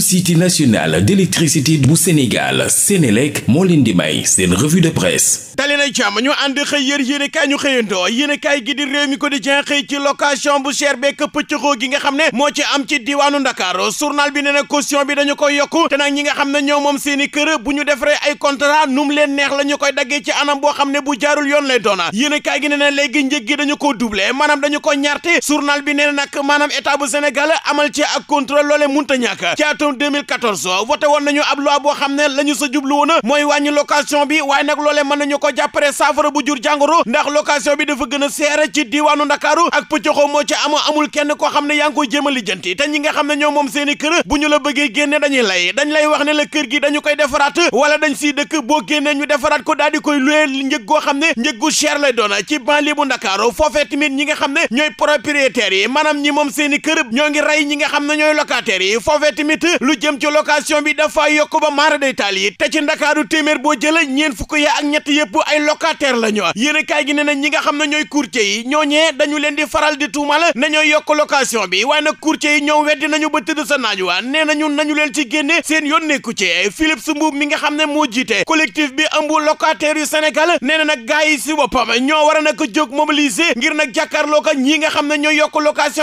société nationale d'électricité bu Sénégal Sénélec moo leen di may seen revue de presse dali jàmm ñu ànd xëy yër yéene ñu xëyandoo yéene gi di réew mi ko di xëy ci location bu cher bekk pëccëxoo gi nga xam ne moo ci am ci diwaanu Dakar journal bi nee na caution bi dañu koy yokku te nag ñi nga xam ne ñoo seeni kër bu ñu defaree ay contrat num leen neex la koy daggee ci anam boo xam ne bu jaarul yoon lay doona yéene gi nee ko doublé maanaam atum 2014 voté woon nañu ab loi boo xam ne la ñu sa jublu woon mooy wàññi location bi waaye nag loolee mën nañu ko jàppare saafara bu jur jàngoro ndax location bi dafa gën a seere ci diiwaanu Ndakaaru ak pëccoxoo moo ci am amul kenn koo xam ne yaa ngi koy jéem a lijjanti te ñi nga xam ne ñoo moom seeni kër bu ñu la bëggee génne dañuy lay dañ lay wax ne la kër gi dañu koy defaraat wala dañ siy dëkk boo génnee ñu defaraat ko daal di koy luwee njëg goo xam ne njëg gu cher lay ñi nga xam ne ñooy propriétaires yi maanaam ñi moom seeni kër ñoo ngi rey nga xam ne ñooy locataires yi foofee tamit lu jëm ci location bi dafa yokk ba maara day yi te ci ndakaaru téeméer boo jëlee ñeen fukk ya ak ñett yëpp ay locataire la ñu yéen gi nee na ñi nga xam ne ñooy courtier yi ñoo ñooñee dañu leen di faral di tuumal na ñooy yokk location bi waaye nag courtier yi ñoom weddi nañu ba tëdd sa naaj wa nee nañu nañu leen ci génne seen yoon nekku ci Philippe Mbuub mi nga xam ne moo jiite collectif bi ëmb locataire yu Sénégal nee nag gars yi si boppam ñoo war a nag jóg mobiliser ngir nag jàkkaarloo ko ñi nga xam ne ñooy yokk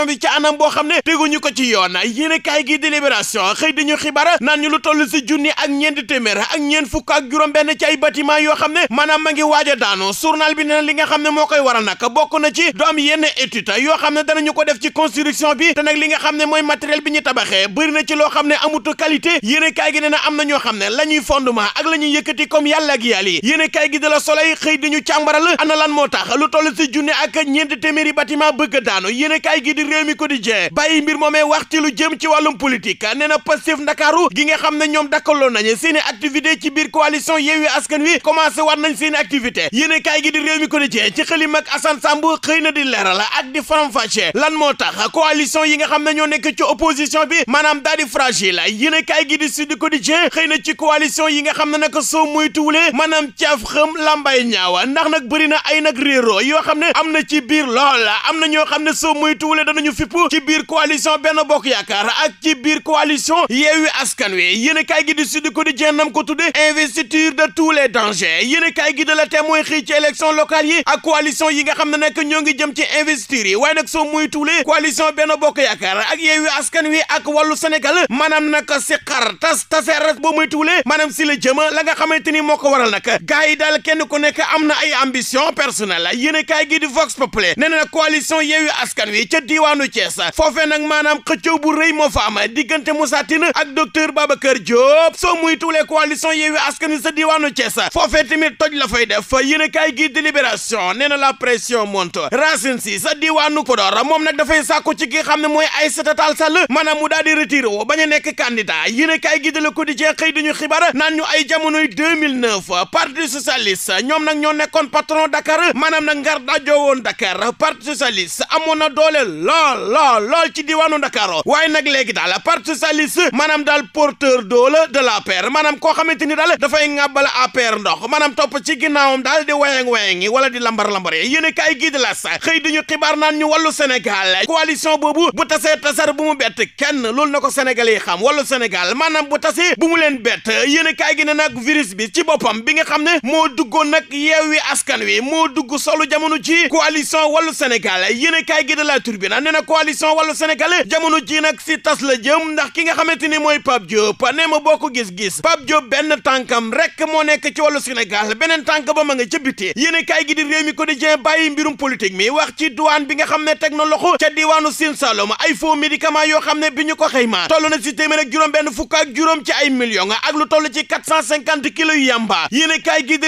bi ci anam boo xam ne teguñu ko ci yoon yéen a kaay gi délibération xëy dañu xibara naan ñu lu toll si junni ak ñeenti téeméer ak ñeent fukk ak juróom benn ci ay bâtiment yoo xam ne maanaam ngi waaj a daanu bi nee li nga xam ne moo koy waral nag bokk na ci du am yenn étude yoo xam ne danañu ko def ci construction bi nag li xam ne mooy matériel bi ñu tabaxee bëri na ci loo ne amutu qualité yéene kaay na am na ñoo xam ne la ñuy fondement ak la ñuy yëkkati comme yàlla ak yi yéene gi de la soleil xëy dañu càmbaral lan moo tax lu toll si junni ak ñeenti téeméeri bâtiment bëgg daanu yéene kaay gi di réew mi di quotidien bàyyi mbir moomee wax ci lu jëm ci wàllum politique nee na Pastef Ndakaaru gi nga xam ne ñoom dakkaloon nañu seen i activité ci biir coalition Yewwi Askan Wi commencé war nañ seen i activité yéen kaay gi di réew mi ko ci ci xëlim ak Assane Samb xëy na di leeral ak di faram lan moo tax coalition yi nga xam ne ñoo nekk ci opposition bi maanaam daal di fragile yéen kaay gi di Sud Quotidien xëy na ci coalition yi nga xam ne nag soo moytuwulee maanaam caaf xëm lambay ñaawa ndax nag bëri na ay nag réero yoo xam ne am na ci biir lool am na ñoo xam ne soo moytuwulee danañu fipp ci biir coalition Benno Bokk Yaakaar ak ci biir coalition coalition Yewwi Askan Wi yéenekaay gi di Sud Quotidien nam ko tudde investiture de tous les dangers yéenekaay gi de la Témoin xëy ci élection locale yi a coalition yi nga xam ne nag ñoo ngi jëm ci investiture yi waaye nag soo muy tuulee coalition Benno Bokk Yaakaar ak Yewwi Askan Wi ak Wàllu Sénégal maanaam nag si xar tas taseeras boo muy tuulee maanaam si la jëma la nga xam xamante ni moo ko waral nag gars yi daal kenn ku nekk am na ay personel personnelle yéenekaay gi di Vox Populi nee na coalition Yewwi Askan Wi ca diiwaanu Thiès foofee nag maanaam bu rëy moo fa am diggante Moussa Tine ak docteur Babacar Diop soo muy tuulee coalition Yewwi Askan Wi sa diwaanu Thiès foofee tamit toj la def yéen a kaay gi délibération nee na la pression monte Racine Sy sa diwaanu Podor moom nag dafay sàkku ci ki xam ne mooy Aïssata Tall Sall maanaam mu daal di retiré woo bañ a nekk candidat yéen a kaay gi de Le Quotidien xëy duñu xibaar naan ñu ay jamonoy 2009 parti socialiste ñoom nag ñoo nekkoon patron Dakar maanaam nag ngar dajoo woon Dakar parti socialiste amoon na doole lool lool lool ci diwaanu Dakar waaye nag léegi daal parti socialiste socialiste maanaam daal porteur doole de l'APR maanaam koo xamante ni daal dafay ŋàbbal APR ndox maanaam topp ci ginnaawam daal di wayang wayang yi wala di lambar-lambar yi yéen a kaay gii di las xëy di ñu xibaar naan ñu wàllu Sénégal coalition boobu bu tasee tasar bu mu bett kenn loolu na ko Sénégal yi xam wàllu Sénégal maanaam bu tasee bu mu leen bett yéen a kaay gi ne nag viris bi ci boppam bi nga xam ne moo duggoon nag wi askan wi moo dugg solu jamono ji coalition wàllu Sénégal yéen a gi de la turbina nee na coalition wàllu Sénégal jamono ji nag si tas la jëm ndax ki nga xamante ni mooy Pape Diop nee ma bokk gis-gis Pape Diop benn tànkam rek moo nekk ci wàllu Sénégal beneen tànk ba ma nga ca biti yéen kaay gi di réew mi quotidien bàyyi mbirum politique mi wax ci douane bi nga xam ne teg na loxo ca diwaanu Sine Saloum ay faux médicaments yoo xam ne bi ñu ko xëymaa toll na si téeméer ak juróom benn fukk ak juróom ci ay millions ak lu toll ci quatre cent cinquante kilos yu yàmba yéen kaay gi di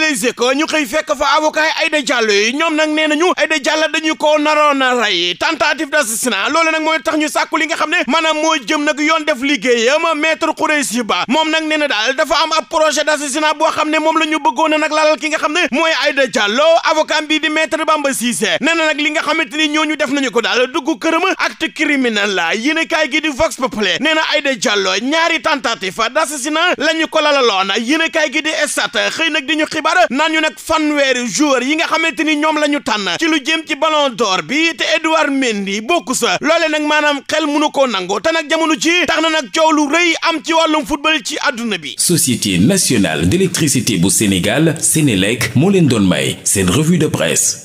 ñu xëy fekk fa avocat yi Aïda Diallo yi ñoom nag nee nañu Aïda Diallo dañu ko naroon a rey tentative d'assassinat loolu nag tax ñu sàkku li nga xam ne maanaam moo jëm nag yoon def lii liggéeyam maître Khoureychi Ba moom nag nee daal dafa am ab projet d'assassinat boo xam ne moom la ñu bëggoon nag la ki nga xam ne mooy Aïda Diallo avocat bii di maître Bamba Cissé nee na nag li nga xam ni ñooñu def ñu ko daal dugg këram acte criminel la yéene kaay gi di Vox Populi nee na Aïda Diallo ñaari tentative d'assassinat la ñu ko lalaloon yéene kaay gi di Stades xëy nag di ñu xibaar naan ñu nag fanweeri joueur yi nga xamante ni ñoom la ñu tànn ci lu jëm ci ballon d'or bi te Edouard Mendy bokku sa loole nag maanaam xel mënu koo nangu te nag jamono ci tax na coow lu rëy am ci wàllum football ci àdduna bi société nationale d'électricité bu Sénégal Sénélec moo leen doon may seen revue de presse